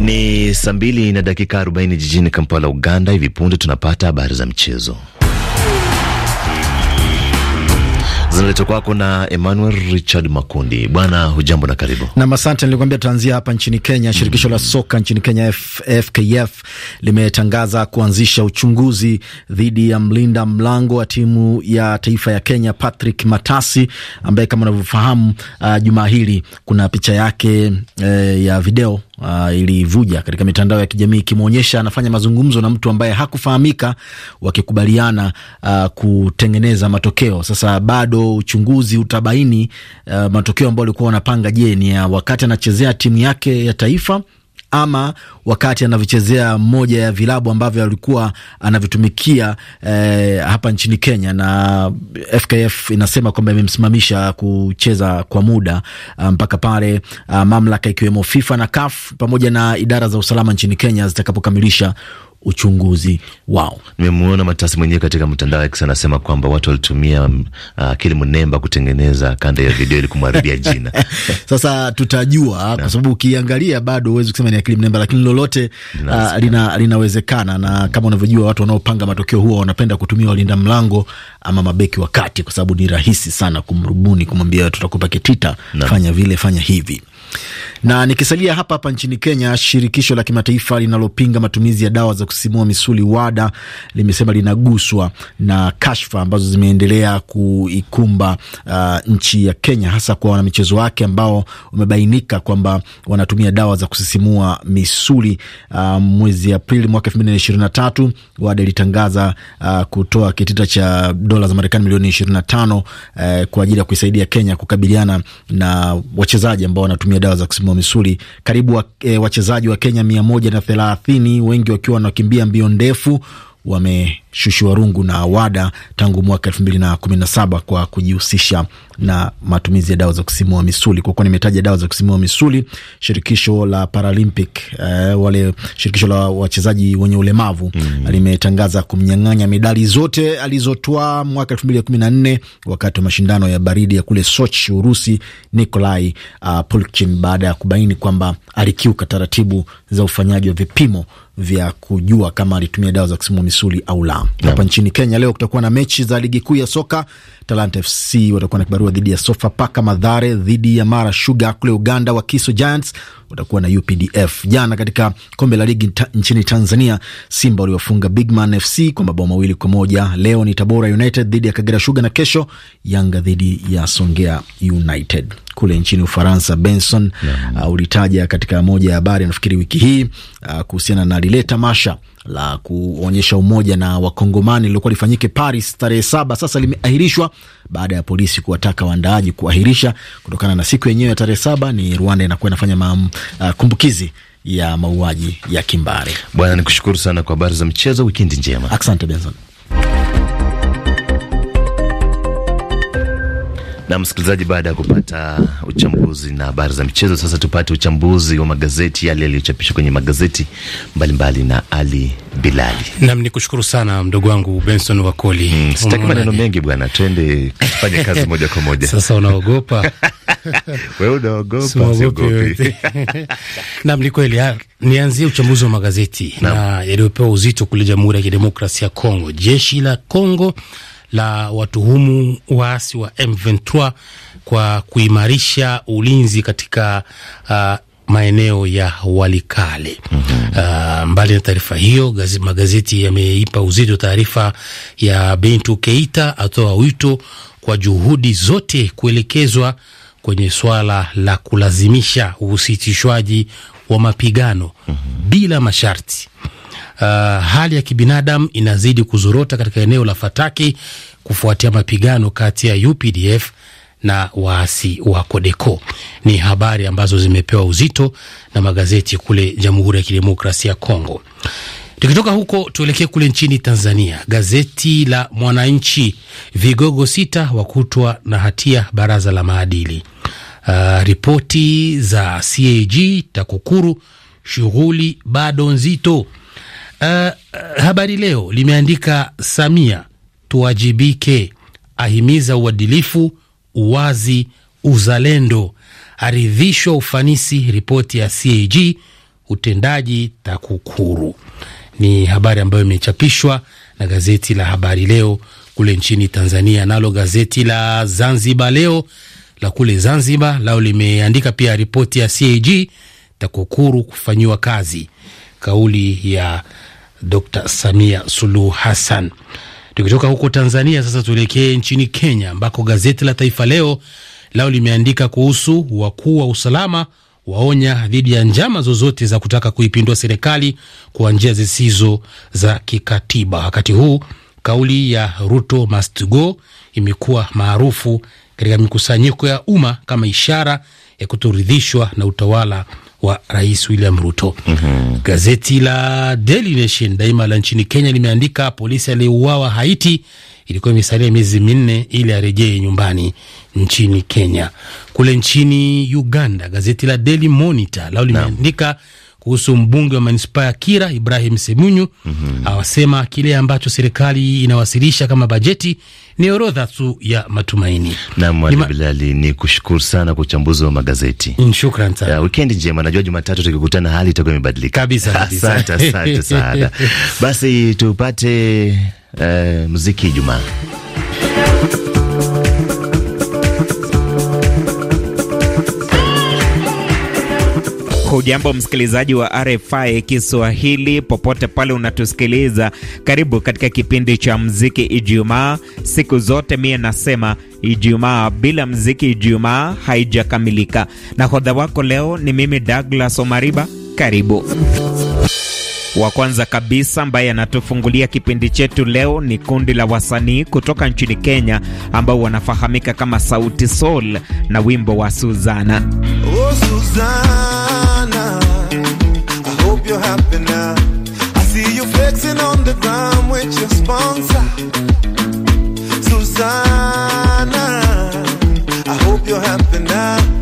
Ni saa mbili na dakika arobaini jijini Kampala, Uganda. Hivi punde tunapata habari za mchezo zinaletwa kwako na Emmanuel Richard Makundi. Bwana hujambo na karibu nam. Asante, Nilikuambia tutaanzia hapa nchini Kenya. Mm-hmm. Shirikisho mm -hmm. la soka nchini Kenya FKF limetangaza kuanzisha uchunguzi dhidi ya mlinda mlango wa timu ya taifa ya Kenya Patrick Matasi ambaye kama unavyofahamu, uh, jumaa hili kuna picha yake eh, ya video uh, ilivuja katika mitandao ya kijamii ikimwonyesha anafanya mazungumzo na mtu ambaye hakufahamika, wakikubaliana uh, kutengeneza matokeo. Sasa bado uchunguzi utabaini uh, matokeo ambayo walikuwa wanapanga, je, ni ya wakati anachezea timu yake ya taifa ama wakati anavyochezea moja ya vilabu ambavyo alikuwa anavitumikia eh, hapa nchini Kenya, na FKF inasema kwamba imemsimamisha kucheza kwa muda ah, mpaka um, pale uh, mamlaka ikiwemo FIFA na CAF pamoja na idara za usalama nchini Kenya zitakapokamilisha uchunguzi wao. Nimemwona Matasi mwenyewe katika mtandao X anasema kwamba watu walitumia akili mm, uh, mnemba kutengeneza kanda ya video ili kumharibia jina. Sasa tutajua kwa sababu ukiangalia bado huwezi kusema ni akili mnemba, lakini lolote uh, lina, linawezekana na kama unavyojua watu wanaopanga matokeo huwa wanapenda kutumia walinda mlango ama mabeki wa kati, kwa sababu ni rahisi sana kumrubuni, kumwambia tutakupa kitita, fanya vile, fanya hivi na nikisalia hapa hapa nchini Kenya, shirikisho la kimataifa linalopinga matumizi ya dawa za kusisimua misuli WADA limesema linaguswa na kashfa ambazo zimeendelea kuikumba uh, nchi ya Kenya, hasa kwa wanamichezo wake ambao umebainika kwamba wanatumia dawa za kusisimua misuli. Uh, mwezi Aprili mwaka elfu mbili na ishirini na tatu WADA ilitangaza uh, kutoa kitita cha dola za Marekani milioni ishirini na tano uh, kwa ajili ya kuisaidia Kenya kukabiliana na wachezaji ambao wanatumia dawa za kusisimua misuli. Karibu wa, eh, wachezaji wa Kenya mia moja na thelathini wengi wakiwa na kukimbia mbio ndefu wame Shushu rungu na WADA tangu mwaka elfu mbili na kumi na saba kwa kujihusisha na matumizi ya dawa za kusimua misuli. Kwa kuwa nimetaja dawa za kusimua misuli, shirikisho la Paralympic eh, wale shirikisho la wachezaji wenye ulemavu mm, limetangaza kumnyang'anya medali zote alizotwaa mwaka elfu mbili kumi na nne wakati wa mashindano ya baridi ya kule Sochi, Urusi, Nikolai uh, Pulkin baada ya kubaini kwamba alikiuka taratibu za ufanyaji wa vipimo vya kujua kama alitumia dawa za kusimua misuli au la hapa nchini Kenya leo kutakuwa na mechi za ligi kuu ya soka. Talanta FC watakuwa na kibarua dhidi ya Sofa Paka. Madhare dhidi ya Mara Shuga. Kule Uganda Wakiso Giants watakuwa na UPDF. Jana katika kombe la ligi ta, nchini Tanzania Simba waliwafunga Bigman FC kwa mabao mawili kwa moja. Leo ni Tabora United dhidi ya Kagera Shuga, na kesho Yanga dhidi ya Songea United. Kule nchini Ufaransa, Benson uh, ulitaja katika moja ya habari nafikiri wiki hii uh, kuhusiana na lile tamasha la kuonyesha umoja na wakongomani lilikuwa lifanyike Paris tarehe saba sasa limeahirishwa baada ya polisi kuwataka waandaaji kuahirisha kutokana na siku yenyewe ya tarehe saba ni Rwanda inakuwa inafanya makumbukizi uh, ya mauaji ya kimbari. Bwana, nikushukuru sana kwa habari za mchezo. Wikendi njema, asante Benson. Na msikilizaji, baada ya kupata uchambuzi na habari za michezo, sasa tupate uchambuzi wa magazeti yale yaliyochapishwa kwenye magazeti mbalimbali mbali na Ali Bilali. Nam ni kushukuru sana mdogo wangu Benson Wakoli. Mm, sitaki maneno mengi bwana, twende tufanye kazi moja kwa moja. Sasa unaogopa wewe, unaogopa? Nam ni kweli. Nianzie uchambuzi wa magazeti na, na yaliyopewa uzito kule Jamhuri ya Kidemokrasia ya Kongo. Jeshi la Kongo la watuhumu waasi wa M23 kwa kuimarisha ulinzi katika uh, maeneo ya Walikale. mm -hmm. Uh, mbali na taarifa hiyo, magazeti yameipa uzito taarifa ya Bintu Keita, atoa wito kwa juhudi zote kuelekezwa kwenye swala la kulazimisha usitishwaji wa mapigano mm -hmm. bila masharti uh, hali ya kibinadamu inazidi kuzorota katika eneo la Fataki kufuatia mapigano kati ya UPDF na waasi wa Kodeko. Ni habari ambazo zimepewa uzito na magazeti kule Jamhuri ya Kidemokrasia ya Kongo. Tukitoka huko tuelekee kule nchini Tanzania. Gazeti la Mwananchi, vigogo sita wakutwa na hatia baraza la maadili. Uh, ripoti za CAG TAKUKURU, shughuli bado nzito. Uh, Habari Leo limeandika Samia tuwajibike, ahimiza uadilifu, uwazi, uzalendo, aridhishwa ufanisi ripoti ya CAG utendaji TAKUKURU. Ni habari ambayo imechapishwa na gazeti la Habari Leo kule nchini Tanzania. Nalo gazeti la Zanzibar Leo la kule Zanzibar lao limeandika pia ripoti ya CAG TAKUKURU kufanyiwa kazi, kauli ya Dr. Samia Suluhu Hassan. Tukitoka huko Tanzania sasa tuelekee nchini Kenya ambako gazeti la Taifa Leo lao limeandika kuhusu wakuu wa usalama waonya dhidi ya njama zozote za kutaka kuipindua serikali kwa njia zisizo za kikatiba. Wakati huu kauli ya Ruto must go imekuwa maarufu katika mikusanyiko ya umma kama ishara ya kutoridhishwa na utawala wa Rais William Ruto. mm -hmm. Gazeti la Daily Nation daima la nchini Kenya limeandika polisi aliyeuawa Haiti ilikuwa imesalia miezi minne ili arejee nyumbani nchini Kenya. Kule nchini Uganda, gazeti la Daily Monitor lao limeandika kuhusu mbunge wa manispaa ya Kira Ibrahim Semunyu mm -hmm. awasema kile ambacho serikali inawasilisha kama bajeti ni orodha tu ya matumaini. Naam, Ali Bilali, ni kushukuru sana kwa uchambuzi wa magazeti. Mm, shukran sana. Eh, Wikendi njema, najua Jumatatu tukikutana hali itakuwa imebadilika kabisa. Asante, asante sana. Basi tupate uh, muziki Ijumaa Hujambo msikilizaji wa RFI Kiswahili popote pale unatusikiliza, karibu katika kipindi cha mziki Ijumaa. Siku zote mie nasema Ijumaa bila mziki Ijumaa haijakamilika. Nahodha wako leo ni mimi Douglas Omariba, karibu wa kwanza kabisa ambaye anatufungulia kipindi chetu leo ni kundi la wasanii kutoka nchini Kenya ambao wanafahamika kama Sauti Sol na wimbo wa Suzana. Oh, Suzana I hope you're happy now. I see you flexing on the ground with your sponsor. Suzana I hope you're happy now.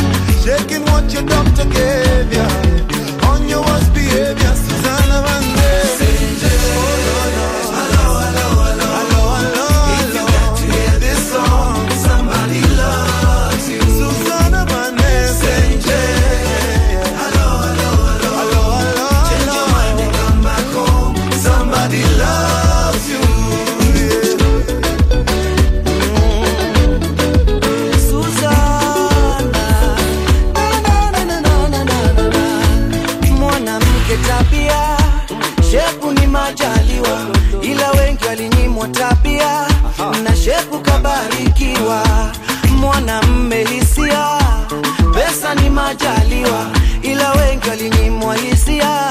majaliwa, ila wengi walinyimwa hisia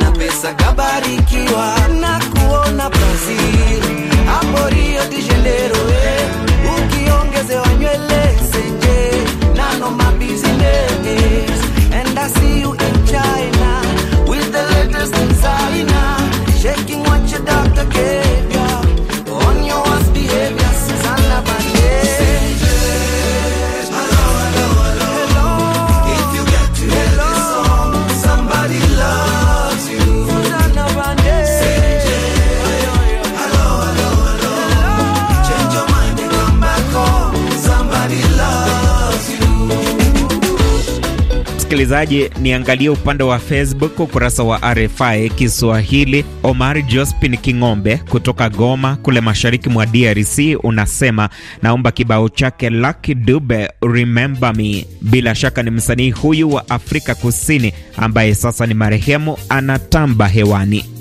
na pesa kabarikiwa na kuona Brazil hapo Rio de Janeiro eh, ukiongezewa nywele senje nano mabizinene and I see you in China with the latest designer shaking msikilizaji, niangalie upande wa Facebook, ukurasa wa RFI Kiswahili. Omar Jospin King'ombe kutoka Goma kule mashariki mwa DRC unasema naomba kibao chake Lucky Dube Remember Me. Bila shaka ni msanii huyu wa Afrika Kusini ambaye sasa ni marehemu, anatamba hewani.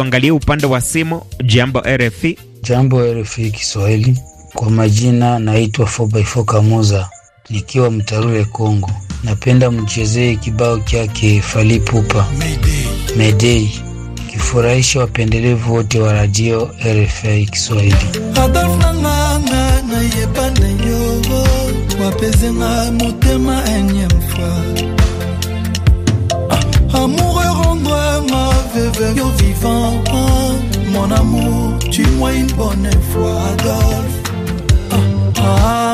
tuangalie upande wa simu. Jambo RFI. Jambo RFI Kiswahili, kwa majina naitwa 4x4 Kamuza nikiwa Mtarule, Kongo. Napenda mchezee kibao chake Falipupa Medei kifurahisha wapendelevu wote wa radio RFI Kiswahili. amour rendre ma veuve yo vivant Mon amour, tu moi une bonne fois Adolphe Ah,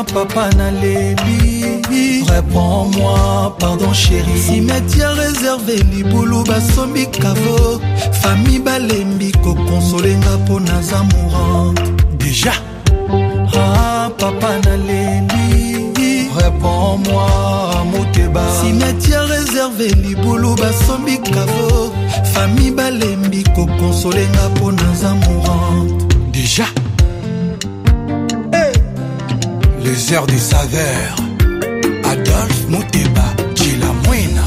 ah papa nalébi Réponds-moi, pardon chérie Cimetière réservé, boulou, basombi kavo Famille balembi, na po naza mourante Déjà Ah, papa nalébi réponds-moi moteba simetiare réservé caveau. basombi balémi, famille balembi na mpo nos mourante déjà les heures des saveurs adolphe moteba moine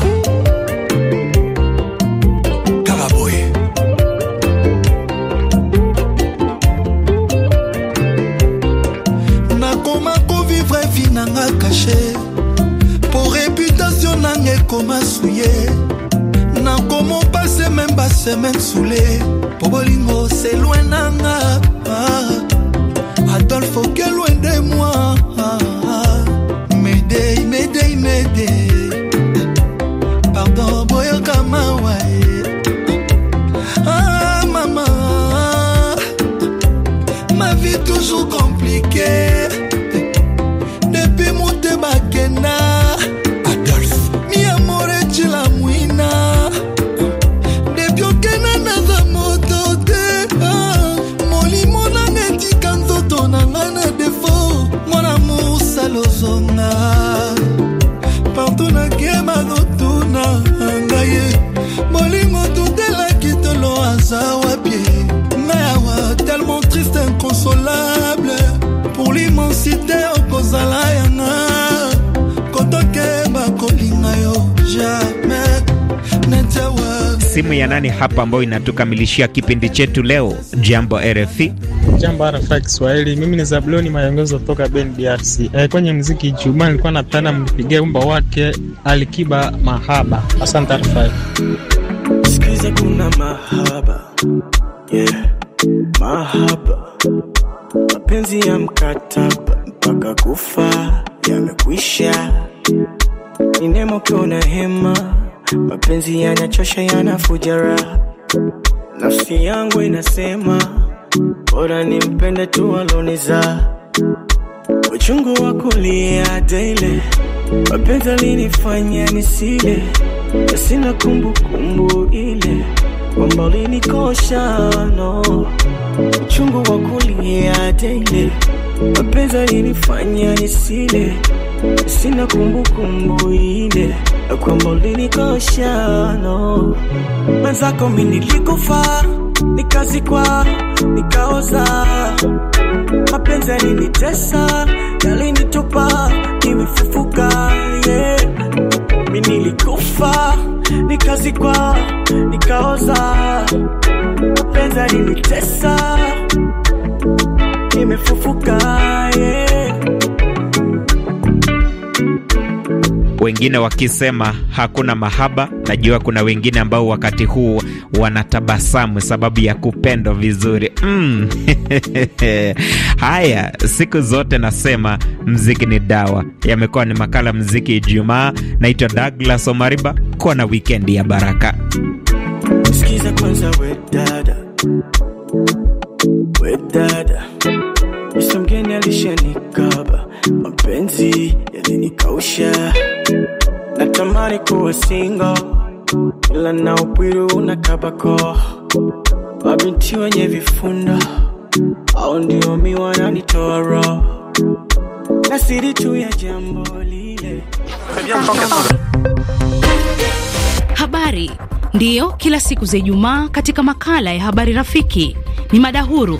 non suye nakoma pase meme semaine soule po bolingo c'est loin ah, adolfo loin de moi M'aide, m'aide, m'aide Pardon, pardon boyoka ah, mama ma vie toujours compliquée simu ya nani hapa ambayo inatukamilishia kipindi chetu leo. Jambo RFI, jambo RFI Kiswahili. Mimi ni Zabloni Mayongezo toka Ben DRC. Eh, kwenye mziki Juma nilikuwa napenda mpigie umba wake Alikiba Mahaba. Asante RFI. Sikiza, kuna mahaba. Yeah. Mahaba. Mapenzi ya mkataba mpaka kufa yamekwisha, ni nemo kiona hema mapenzi yanachosha, yanafujara nafsi yangu inasema bora nimpende tu alonizaa. Uchungu wa kulia daily, mapenzi alinifanya nisile, sina kumbukumbu ile kwamba alinikosha no. Uchungu wa kulia daily, mapenzi alinifanya nisile sina kumbukumbu ile kwamba ulinikosha no. Mwenzako mi nilikufa nikazikwa nikaoza, mapenzi yalinitesa yalinitupa, nimefufuka yeah. Mi nilikufa nikazikwa nikaoza, mapenzi yalinitesa nimefufuka yeah. wengine wakisema hakuna mahaba. Najua kuna wengine ambao wakati huu wanatabasamu sababu ya kupendwa vizuri mm. Haya, siku zote nasema mziki ni dawa. Yamekuwa ni makala mziki Ijumaa. Naitwa Douglas Omariba, kuwa na wikendi ya baraka. Sikiza kwanza we dada, we dada, mgeni alishanikaba mapenzi yalinikausha, natamani kuwa single, ila na upwiru na kabako, mabinti wenye vifundo au ndio miwa nanitoa roho na siri tu ya jambo lile. Habari ndiyo kila siku za Ijumaa katika makala ya habari rafiki ni mada huru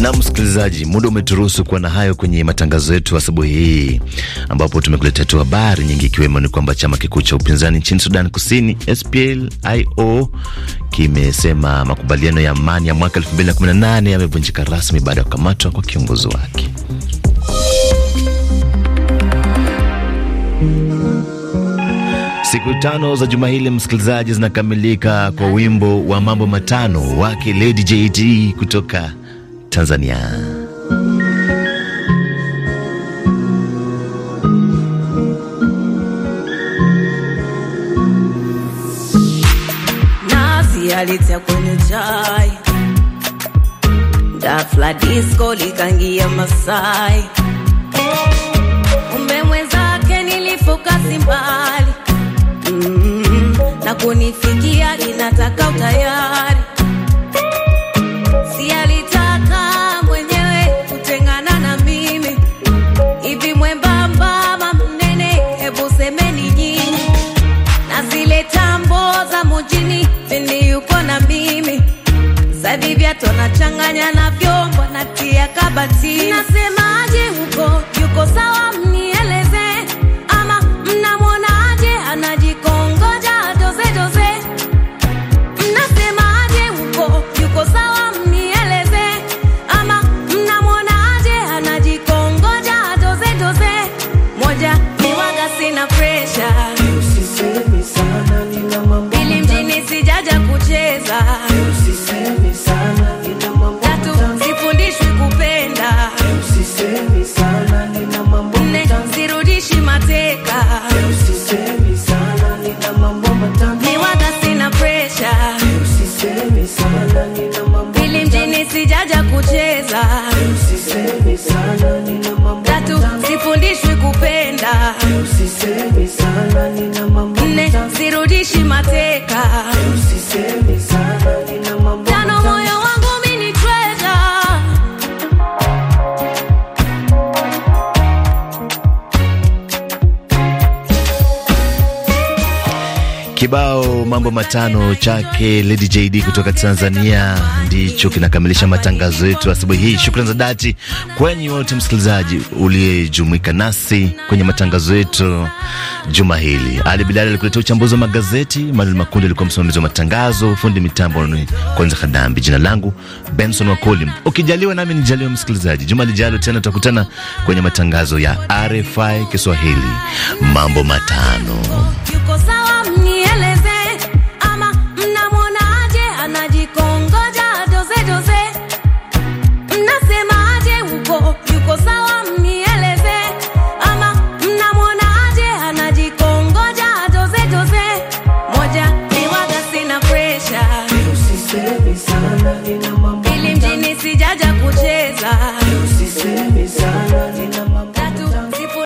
Na msikilizaji, muda umeturuhusu kuwa na hayo kwenye matangazo yetu asubuhi hii, ambapo tumekuletea tu habari nyingi, ikiwemo ni kwamba chama kikuu cha upinzani nchini Sudan Kusini SPLIO kimesema makubaliano ya amani ya mwaka 2018 yamevunjika rasmi baada ya kukamatwa kwa kiongozi wake. Siku tano za juma hili msikilizaji, zinakamilika kwa wimbo wa mambo matano wake Lady JT e kutoka Tanzania. Nazi alitia kwenye chai, dafla disco likangia Masai matano chake Lady JD kutoka Tanzania ndicho kinakamilisha matangazo yetu asubuhi hii. Shukrani za dhati kwenye wote msikilizaji uliyejumuika nasi kwenye matangazo yetu juma hili. Ali Bilali alikuletea uchambuzi wa magazeti, Manuel Makundi alikuwa msimamizi wa matangazo, fundi mitambo ni Kwanza Kadambi. Jina langu Benson Wakoli. Ukijaliwa nami nijaliwa msikilizaji, juma lijalo tena tutakutana kwenye matangazo ya RFI Kiswahili. Mambo matano